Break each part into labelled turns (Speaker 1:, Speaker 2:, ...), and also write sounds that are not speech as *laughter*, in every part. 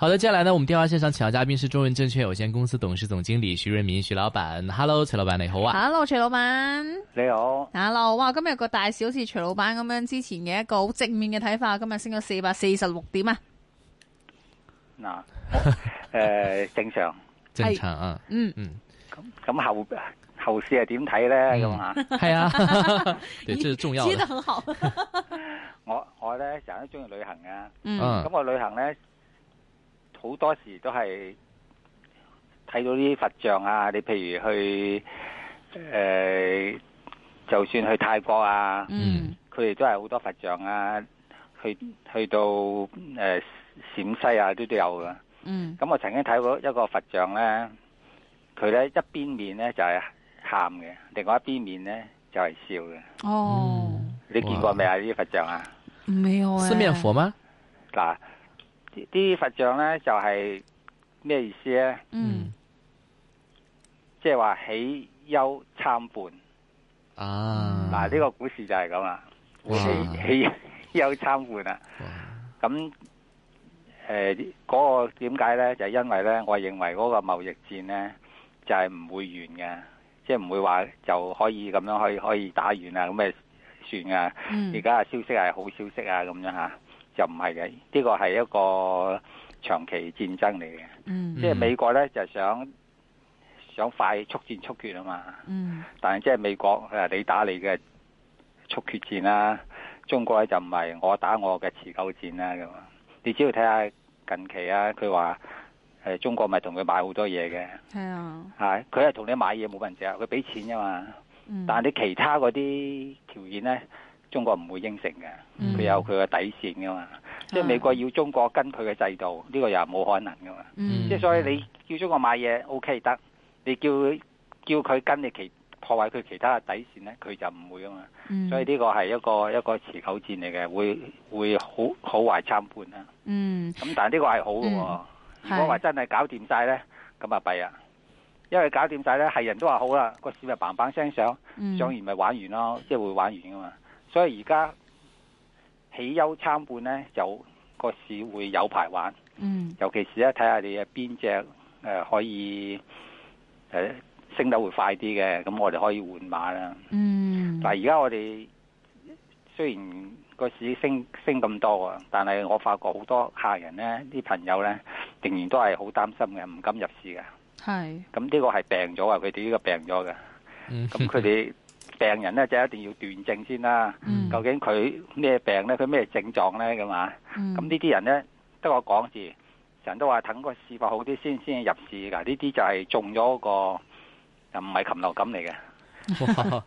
Speaker 1: 好的，接下來呢，我們電話線上請到嘉賓是中文證券有限公司董事總經理徐潤民，徐老闆，Hello，徐老闆你好啊。
Speaker 2: Hello，徐老闆，
Speaker 1: 你好。
Speaker 2: Hello，哇，今日個大市好似徐老闆咁樣之前嘅一個好正面嘅睇法，今日升咗四百四十六點啊。嗱，
Speaker 3: 誒，正常， *laughs* 正常啊。嗯嗯。咁咁後後市係點睇咧？咁、嗯、啊。係、嗯、啊。呢 *laughs* *laughs* 重要的。其實很好。我我咧，成日都中意旅行啊咁、嗯、我旅行咧。好多時都係睇到啲佛像啊，你譬如去誒、呃，就算去泰國啊，嗯，佢哋都係好多佛像啊，去去到誒、呃、陝西啊，都都有噶。嗯，咁我曾經睇過一個佛像咧，佢咧一邊面咧就係喊嘅，另外一邊面咧就係、是、笑嘅。哦，你見過未啊？呢啲佛像啊？
Speaker 1: 未有。四面佛嗎？
Speaker 3: 嗱。啲佛像咧就係咩意思咧？嗯、mm.，即係話喜憂參半
Speaker 4: 啊！
Speaker 3: 嗱，呢個股市就係咁啦，
Speaker 4: 喜喜
Speaker 3: 憂參半啊！咁誒，嗰個點解咧？就係因為咧，我認為嗰個貿易戰咧就係唔會完嘅，即係唔會話就可以咁樣可以可以打完啊咁咪算啊！而家嘅消息係好消息啊咁樣吓。就唔係嘅，呢個係一個長期戰爭嚟嘅，即、
Speaker 4: 嗯、係、就係、美
Speaker 3: 國咧就想想快速戰速決啊嘛。嗯、但係即係美國誒，你打你嘅速決戰啦、啊，中國咧就唔係我打我嘅持久戰啦、啊、咁。你只要睇下近期啊，佢話誒中國咪同佢買好多嘢嘅，係啊，係佢係同你買嘢冇問題啊，佢俾錢啫嘛、嗯。但係你其他嗰啲條件咧。中國唔會應承嘅，佢有佢嘅底線噶嘛。嗯、即係美國要中國跟佢嘅制度，呢、啊呢個又係冇可能噶嘛。嗯、即係所以你叫中國買嘢 OK 得、okay, okay，你叫叫佢跟你其破壞佢其他嘅底線咧，佢就唔會噶嘛、嗯。所以呢個係一個一個持久戰嚟嘅，會會好好壞參半啦。嗯，咁但係呢個係好嘅喎、嗯。如果話真係搞掂晒咧，咁啊弊啊，因為搞掂晒咧係人都話好啦，個市咪棒棒聲上，上完咪玩完咯，即係會玩完噶嘛。所以而家喜憂參半咧，有個市會有排玩。嗯，尤其是咧，睇下你嘅邊隻誒可以誒升得會快啲嘅，咁我哋可以換馬啦。嗯，嗱而家我哋雖然個市升升咁多啊，但係我發覺好多客人咧，啲朋友咧，仍然都係好擔心嘅，唔敢入市嘅。
Speaker 4: 係。
Speaker 3: 咁呢個係病咗啊！佢哋呢個病咗嘅。
Speaker 4: 嗯。咁佢
Speaker 3: 哋。 *laughs* 病人咧就一定要斷症先啦，嗯、究竟佢咩病咧，佢咩症狀咧咁啊？咁、嗯、呢啲人咧，得我講住成日都話等個市況好啲先先入市㗎。呢啲就係中咗個又唔係禽流感嚟嘅，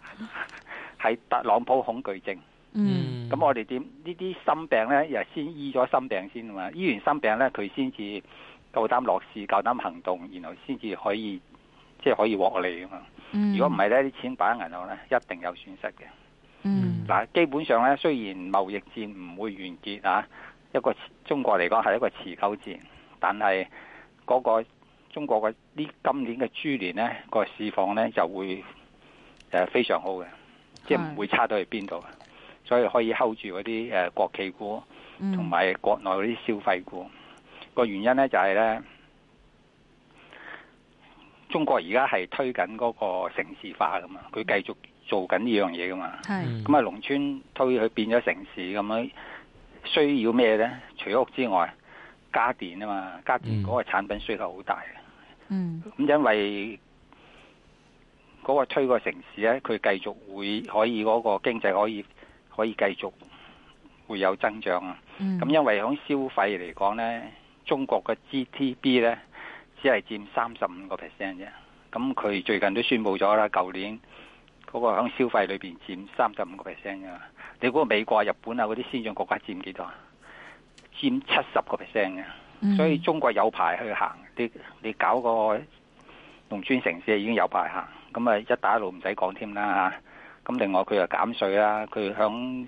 Speaker 3: 係 *laughs* 特朗普恐懼症。咁、嗯、我哋點呢啲心病咧，又先醫咗心病先啊嘛？醫完心病咧，佢先至夠膽落市，夠膽行動，然後先至可以即係、就是、可以獲利啊嘛！如果唔係呢啲錢擺喺銀行呢，一定有損失嘅。嗯，嗱，基本上呢，雖然貿易戰唔會完結吓，一個中國嚟講係一個持久戰，但係嗰個中國嘅呢今年嘅豬年呢個市況呢就會誒非常好嘅，即係唔會差到去邊度，所以可以 hold 住嗰啲誒國企股，
Speaker 4: 同埋
Speaker 3: 國內嗰啲消費股。個原因呢，就係呢。中國而家係推緊嗰個城市化噶嘛，佢繼續做緊呢樣嘢噶嘛。係。咁啊，農村推去變咗城市咁樣，需要咩咧？除咗屋之外，家電啊嘛，家電嗰個產品需求好大。嗯。咁因為嗰個推個城市咧，佢繼續會可以嗰個經濟可以可以繼續會有增長啊。咁、mm. 因為喺消費嚟講咧，中國嘅 GTB 咧。只係佔三十五個 percent 嘅。咁佢最近都宣布咗啦。舊年嗰個響消費裏邊佔三十五個 percent 嘅，你估美國、日本啊嗰啲先進國家佔幾多？佔七十個 percent 嘅，所以中國有排去行。你你搞個農村城市已經有排行，咁啊一帶一路唔使講添啦嚇。咁另外佢又減稅啦，佢響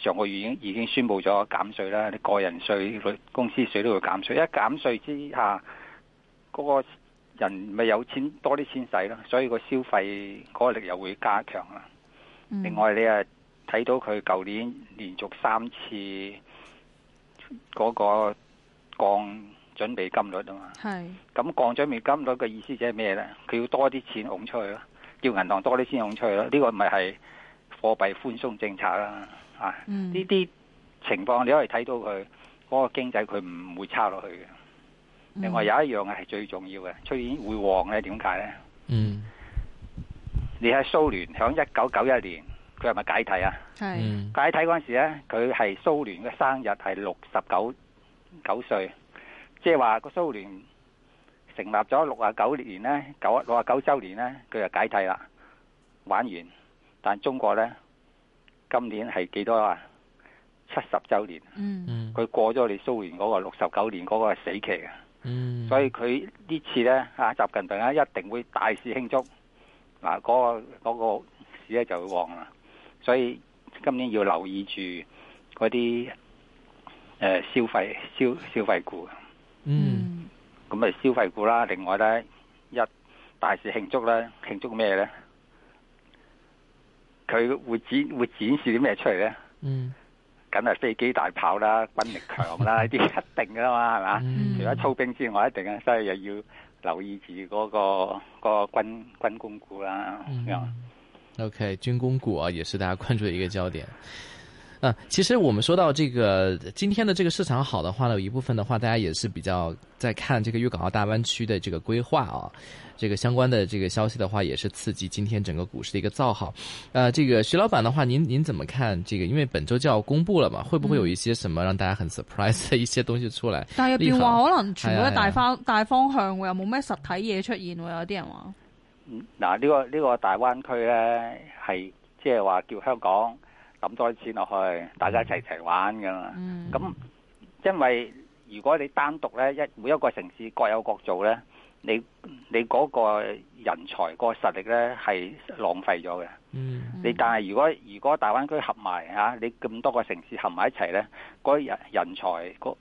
Speaker 3: 上個月已經已經宣布咗減稅啦，啲個人稅、公司稅都會減稅。一減稅之下，嗰個人咪有錢多啲錢使咯，所以個消費嗰個力又會加強啦。嗯、
Speaker 4: 另外
Speaker 3: 你啊睇到佢舊年連續三次嗰個降準備金率啊嘛，咁降準備金率嘅意思就係咩咧？佢要多啲錢湧出去咯，叫銀行多啲錢湧出去咯。呢個咪係貨幣寬鬆政策啦。嗯、呢啲情況你可以睇到佢嗰個經濟佢唔會差落去嘅。另外有一樣啊，係最重要嘅，出年會旺咧，點解咧？嗯，你喺蘇聯響一九九一年，佢係咪解體啊？係。嗯、解體嗰陣時咧，佢係蘇聯嘅生日係六十九九歲，即係話個蘇聯成立咗六啊九年咧，九六啊九周年咧，佢就解體啦，玩完。但中國咧，今年係幾多啊？七十周年。嗯，佢、嗯、過咗你蘇聯嗰個六十九年嗰個死期嘅。Mm. 所以佢呢次咧，啊習近平咧一定會大肆慶祝，嗱、嗰、嗰個、嗰個市咧就會旺啦。所以今年要留意住嗰啲誒消費消消費股。嗯。咁啊，消費股啦，另外咧一大肆慶祝咧，慶祝咩咧？佢會展會展示啲咩出嚟咧？嗯、
Speaker 4: mm.。
Speaker 3: 梗係飛機大炮啦，軍力強啦，呢 *laughs* 啲一定㗎啦嘛，係嘛，嗯？除咗操兵之外，一定啊，所以又要留意住嗰、那個、那個軍軍工股啦。
Speaker 1: 嗯、OK，軍工股啊，也是大家關注的一個焦點。 *laughs* 啊、呃，其實我們說到這個今天的這個市場好的話呢，有一部分的話，大家也是比較在看這個粵港澳大灣區的這個規劃啊，這個相關的這個消息的話，也是刺激今天整個股市的一個造好。呃，這個徐老闆的話，您您怎麼看這個？因為本周就要公布了嘛，會不會有一些什麼讓大家很 surprise 的一些東西出來？嗯、但係變化可能全部
Speaker 2: 大方大方向、哎沒什麼，會有冇咩實體嘢出現，會有啲人話。嗯，
Speaker 3: 嗱，呢個呢個大灣區呢，係即係話叫香港。咁多錢落去，大家一齊一齊玩噶嘛。咁因為如果你單獨咧，一每一個城市各有各做咧，你你嗰個人才個實力咧係浪費咗嘅。你但係如果如果大灣區合埋嚇，啊，你咁多個城市合埋一齊咧，嗰人人才個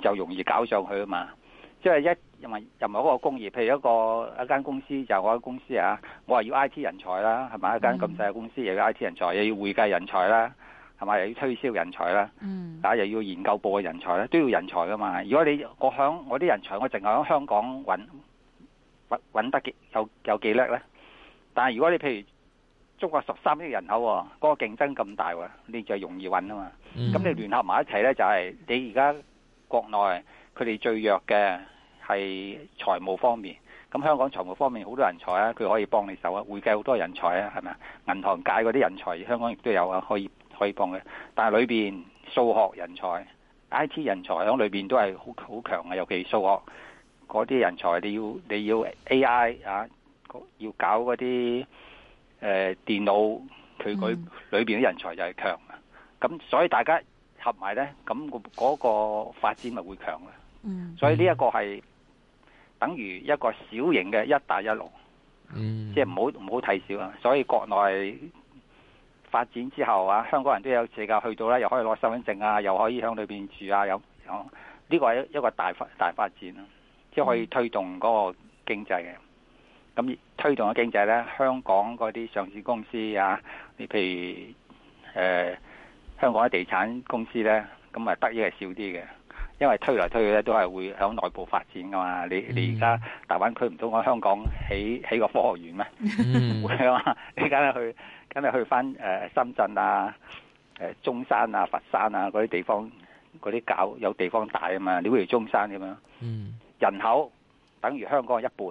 Speaker 3: 就容易搞上去啊嘛～即、就、係、是、一任何任何一個工業，譬如一個一間公司，就是、我個公司啊，我話要 I T 人才啦，係咪？一間咁細嘅公司，又要 I T 人、mm. 人才，又要會計人才啦，係咪？又要推銷人才啦，嗯，啊，又要研究部嘅人才咧，都要人才噶嘛。如果你我響我啲人才，我淨係喺香港搵，搵得幾有有幾叻咧？但係如果你譬如中國十三億人口，嗰、那個競爭咁大喎，你就容易搵啊嘛。
Speaker 4: 咁、mm. 你聯
Speaker 3: 合埋一齊咧，就係、是、你而家國內佢哋最弱嘅。係財務方面，咁香港財務方面好多人才啊，佢可以幫你手啊。會計好多人才啊，係咪啊？銀行界嗰啲人才，香港亦都有啊，可以可以幫嘅、啊。但係裏邊數學人才、IT 人才喺裏邊都係好好強嘅、啊，尤其數學嗰啲人才，你要你要 AI 啊，要搞嗰啲誒電腦，佢佢裏邊啲人才就係強、啊。咁所以大家合埋呢，咁嗰個發展咪會強啦。
Speaker 4: 嗯，所以
Speaker 3: 呢一個係。等於一個小型嘅一帶一路，即係唔好唔好睇少啊！所以國內發展之後啊，香港人都有資格去到咧，又可以攞身份證啊，又可以喺裏邊住啊，有呢、呢個係一個大發大發展即係、就是、可以推動嗰個經濟嘅，咁、嗯、推動咗經濟呢，香港嗰啲上市公司啊，你譬如誒、呃、香港啲地產公司呢，咁啊得益係少啲嘅。因為推嚟推去咧，都係會響內部發展噶嘛。你你而家大灣區唔通喺香港起起個科學園咩？你而家去，而家去返誒深圳啊、誒中山啊、佛山啊嗰啲地方嗰啲搞有地方大啊嘛。你好似中山咁樣，人口等於香港一半，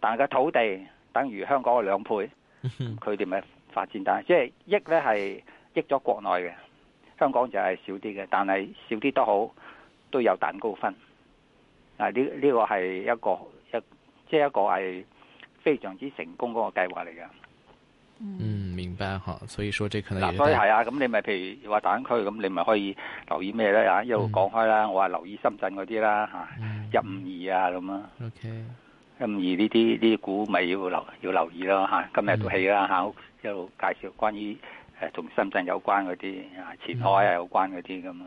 Speaker 3: 但係個土地等於香港嘅兩倍，佢哋咪發展大。即係益咧係益咗國內嘅，香港就係少啲嘅，但係少啲都好。都有蛋糕分，啊！呢呢個係一個一，即係一個係非常之成功嗰個計劃嚟㗎。嗯，
Speaker 1: 明白呵。所以說，這可能嗱，所以係啊。
Speaker 3: 咁你咪譬如話大灣區，咁你咪可以留意咩咧？啊，一路講開啦。我話留意深圳嗰啲啦，吓一五二啊咁啊。O K。一五二呢啲呢啲股咪要留要留意咯，吓。今日套戲啦，吓，一路介紹關於誒同深圳有關嗰啲啊，前海有關嗰啲咁啊。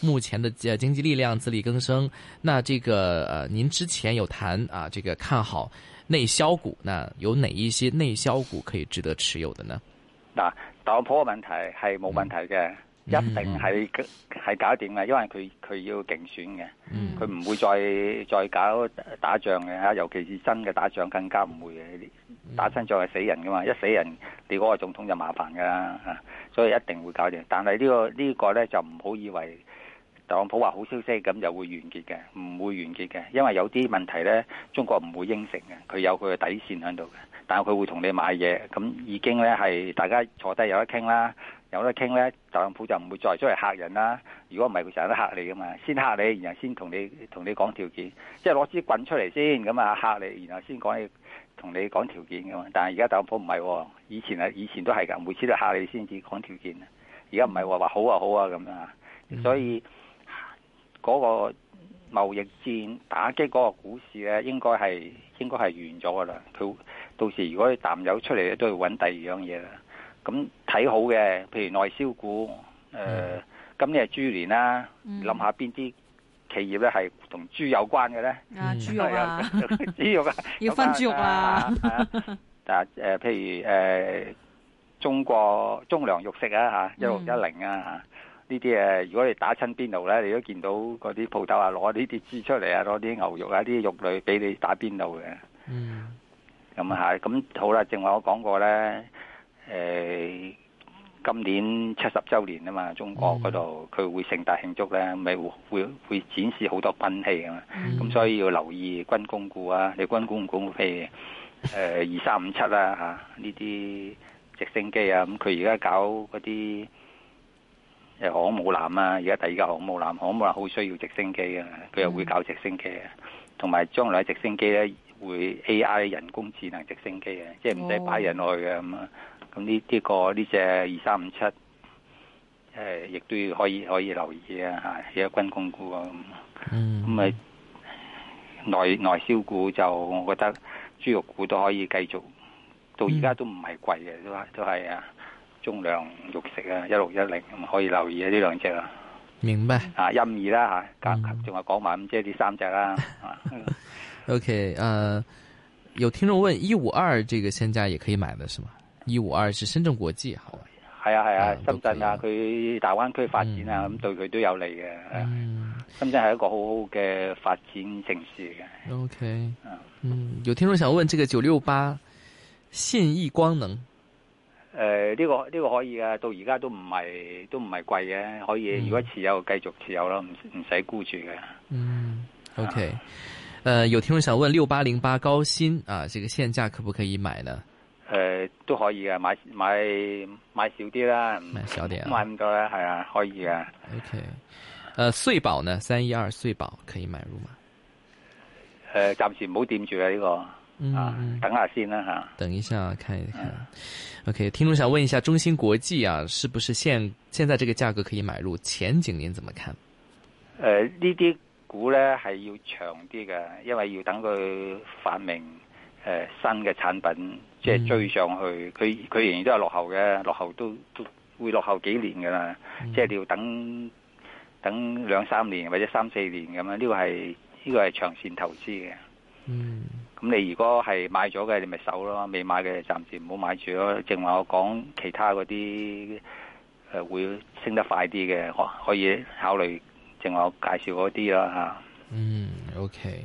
Speaker 1: 目前的經濟力量自力更生，那這個，呃、您之前有談啊，這個看好內銷股，那、呃、有哪一些內銷股可以值得持有的呢？
Speaker 3: 嗱、啊，特朗普嘅問題係冇問題嘅、嗯，一定係係、嗯、搞掂嘅，因為佢佢要競選嘅，佢、嗯、唔會再再搞打仗嘅，尤其是真嘅打仗更加唔會嘅，打親仗係死人噶嘛，一死人你嗰個總統就麻煩噶啦，所以一定會搞掂，但係呢、這個這個呢個咧就唔好以為。特朗普話好消息咁就會完結嘅，唔會完結嘅，因為有啲問題呢，中國唔會應承嘅，佢有佢嘅底線喺度嘅。但係佢會同你買嘢，咁已經呢，係大家坐低有得傾啦，有得傾呢，特朗普就唔會再出嚟嚇人啦。如果唔係，佢成日都嚇你噶嘛，先嚇你，然後先同你同你講條件，即係攞支棍出嚟先咁啊嚇你，然後先講你同你講條件噶嘛。但係而家特朗普唔係喎，以前啊，以前都係噶，每次都嚇你先至講條件。而家唔係話話好啊好啊咁樣，所以。嗰、嗰個貿易戰打擊嗰個股市咧，應該係應該係完咗㗎喇。到時如果淡友出嚟咧，都要揾第二樣嘢啦。咁睇好嘅，譬如內銷股，誒，咁你係豬年啦，諗下邊啲企業呢係同豬有關嘅呢、嗯？啊，豬肉啊，豬肉啊，要分豬肉啊。但係譬如、呃、中國中糧肉食啊，一六一零啊，呢啲誒，如果你打親邊爐咧，你都見到嗰啲鋪頭啊，攞呢啲豬出嚟啊，攞啲牛肉啊，啲肉類俾你打邊爐嘅。嗯。咁啊係，咁好啦，正話我講過咧，誒、呃，今年七十週年啊嘛，中國嗰度佢會盛大慶祝咧，咪會會，會展示好多兵器啊嘛。咁、嗯、所以要留意軍工股啊，你軍工股譬如誒二三五七啊嚇，呢、啊、啲直升機啊，咁佢而家搞嗰啲。航空母艦啊，而家第二架航空母艦，航空母艦好需要直升機啊，佢又會搞直升機啊，同、mm. 埋將來直升機咧會 AI 人工智能直升機啊，即係唔使擺人落去嘅咁啊，咁呢啲個呢隻二三五七，誒、這、亦、個呃、都要可以可以留意啊嚇，而家軍工股啊咁，咁、mm. 咪內內銷股就我覺得豬肉股都可以繼續，到而家都唔係貴嘅，mm. 都係都係啊。中糧肉食啊，一六一零咁可以留意啊，呢兩隻啊，明白啊，一五二啦吓，加、啊，仲話講埋咁即係呢三隻啦。 *laughs* 啊、
Speaker 1: OK，誒、呃，有聽眾問一五二，這個現價也可以買嘅，是嗎？一五二是深圳國際，好
Speaker 3: 是啊，係啊係啊，深圳啊，佢大灣區發展啊，咁、嗯、對佢都有利嘅、啊
Speaker 1: 嗯。
Speaker 3: 深圳係一個好好嘅發展城市嘅。
Speaker 1: OK，嗯，有聽眾想問，這個九六八信義光能。
Speaker 3: 誒、呃、呢、這個呢、這個可以嘅，到而家都唔係都唔係貴嘅，可以、嗯、如果持有繼續持有咯，唔唔使沽住嘅。
Speaker 1: 嗯，OK、啊。誒、呃，有聽眾想問六八零八高鑫，啊，這個現價可不可以買呢？誒、
Speaker 3: 呃，都可以嘅，買買買，買少啲啦，買少啲啊，買唔到啦，係啊，可以嘅。
Speaker 1: OK、呃。誒，歲寶呢？三一二歲寶可以買入嘛？誒、呃，
Speaker 3: 暫時唔好掂住啊呢、這個。啊、嗯，等
Speaker 1: 下先啦吓，等一下，、啊等一下啊、看一下、嗯。OK，聽眾想問一下，中芯國際啊，是不是現現在這個價格可以買入？前景您怎麼看？
Speaker 3: 誒、呃，這股呢啲股咧係要長啲嘅，因為要等佢發明誒、呃、新嘅產品，即、就、係、是、追上去。佢、嗯、佢仍然都係落後嘅，落後都都會落後幾年噶啦。即係你要等等兩三年或者三四年咁樣，呢、這個係呢、這個係長線投資嘅。嗯。咁你如果係買咗嘅，你咪手咯；未買嘅暫時唔好買住咯。淨係我講其他嗰啲誒會升得快啲嘅，可以考慮。淨係我介紹嗰啲啦嚇。
Speaker 1: 嗯，OK。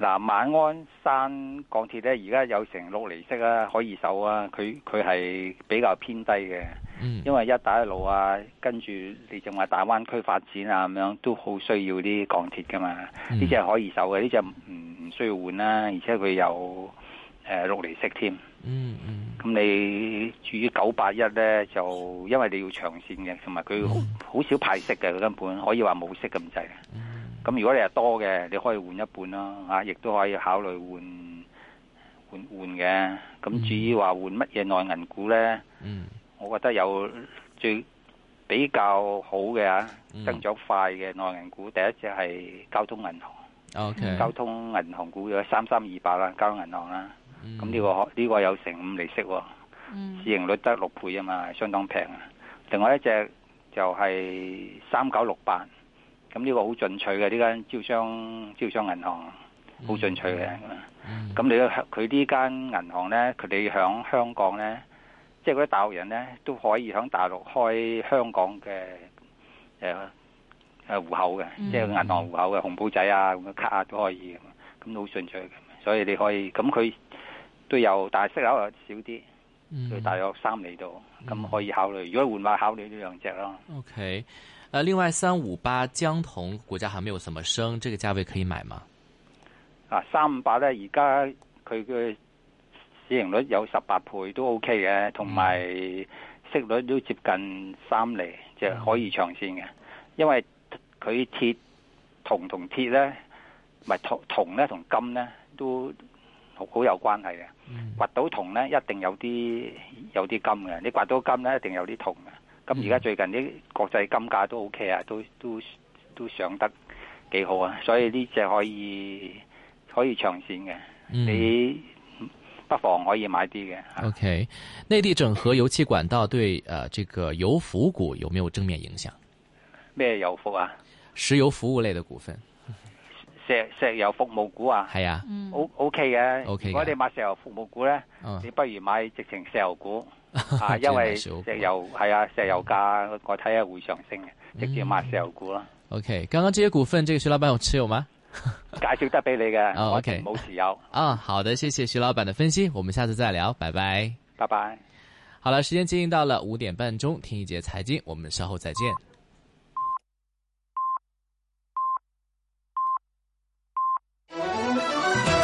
Speaker 3: 嗱、啊，馬鞍山鋼鐵咧，而家有成六厘息啊，可以守啊，佢佢係比較偏低嘅，嗯，因為一帶一路啊，跟住你仲話大灣區發展啊咁樣，都好需要啲鋼鐵噶嘛，呢隻係可以守嘅，呢隻唔唔需要換啦，啊，而且佢有、呃、六厘息添，啊，嗯嗯，咁你至於九八一咧，就因為你要長線嘅，同埋佢好少派息嘅，佢、嗯、根本可以話冇息咁滯。咁如果你係多嘅，你可以換一半咯，嚇、啊，亦都可以考慮換換換嘅。咁至於話換乜嘢內銀股呢？嗯，我覺得有最比較好嘅嚇、啊嗯，增長快嘅內銀股，第一隻係交通銀行。
Speaker 4: Okay. 交
Speaker 3: 通銀行股有三三二八啦，交通銀行啦。咁、嗯、呢、這個呢、這個有成五厘息喎、啊嗯。市盈率得六倍啊嘛，相當平、啊。另外一隻就係三九六八。咁、這、呢個好進取嘅呢間招商招商銀行，好進取嘅。咁、mm -hmm. 你咧，佢呢間銀行呢，佢哋響香港呢，即係嗰啲大陸人呢，都可以響大陸開香港嘅誒誒戶口嘅，mm -hmm. 即係銀行戶口嘅紅簿仔啊，咁嘅卡啊都可以嘅。咁都好進取，所以你可以咁佢都有，但係息口少啲，最、
Speaker 4: mm
Speaker 1: -hmm.
Speaker 3: 大約三釐度，咁、mm -hmm. 可以考慮。如果換馬考慮呢兩隻咯。
Speaker 1: OK。呃，另外三五八江銅股價還沒有怎麼升，這個價位可以買嗎？
Speaker 3: 啊，三五八咧，而家佢嘅市盈率有十八倍都 OK 嘅，同埋息率都接近三厘，即、嗯、就是、可以長線嘅。因為佢鐵銅同鐵咧，唔係銅銅咧同金咧都好，好有關係嘅。掘、嗯、到銅咧一定有啲有啲金嘅，你掘到金咧一定有啲銅嘅。咁而家最近啲國際金價都 O K 啊，都都都上得幾好啊，所以呢隻可以可以長線嘅、嗯，你不妨可以買啲嘅。
Speaker 1: O、okay, K，內地整合油氣管道對誒、呃、呢個油服股有冇正面影響？
Speaker 3: 咩油服啊？
Speaker 1: 石油服務類嘅股份，
Speaker 3: 石石油服務股啊？係啊，O O K 嘅。O K、okay okay、如果你買石油服務股咧、嗯，你不如買直情石油股，股。 *laughs* 啊，因為石油係啊， *laughs* 石油價我睇係會上升嘅、嗯，直接買石油股啦。
Speaker 1: OK，剛剛這些股份，這個徐老闆有持有嗎？
Speaker 3: 介 *laughs* 紹得俾你嘅、oh，OK，
Speaker 1: 冇持有。啊，好的，謝謝徐老闆的分析，我們下次再聊，拜拜。拜拜。好了，時間接近到了五點半鐘，聽一節財經，我們稍後再見。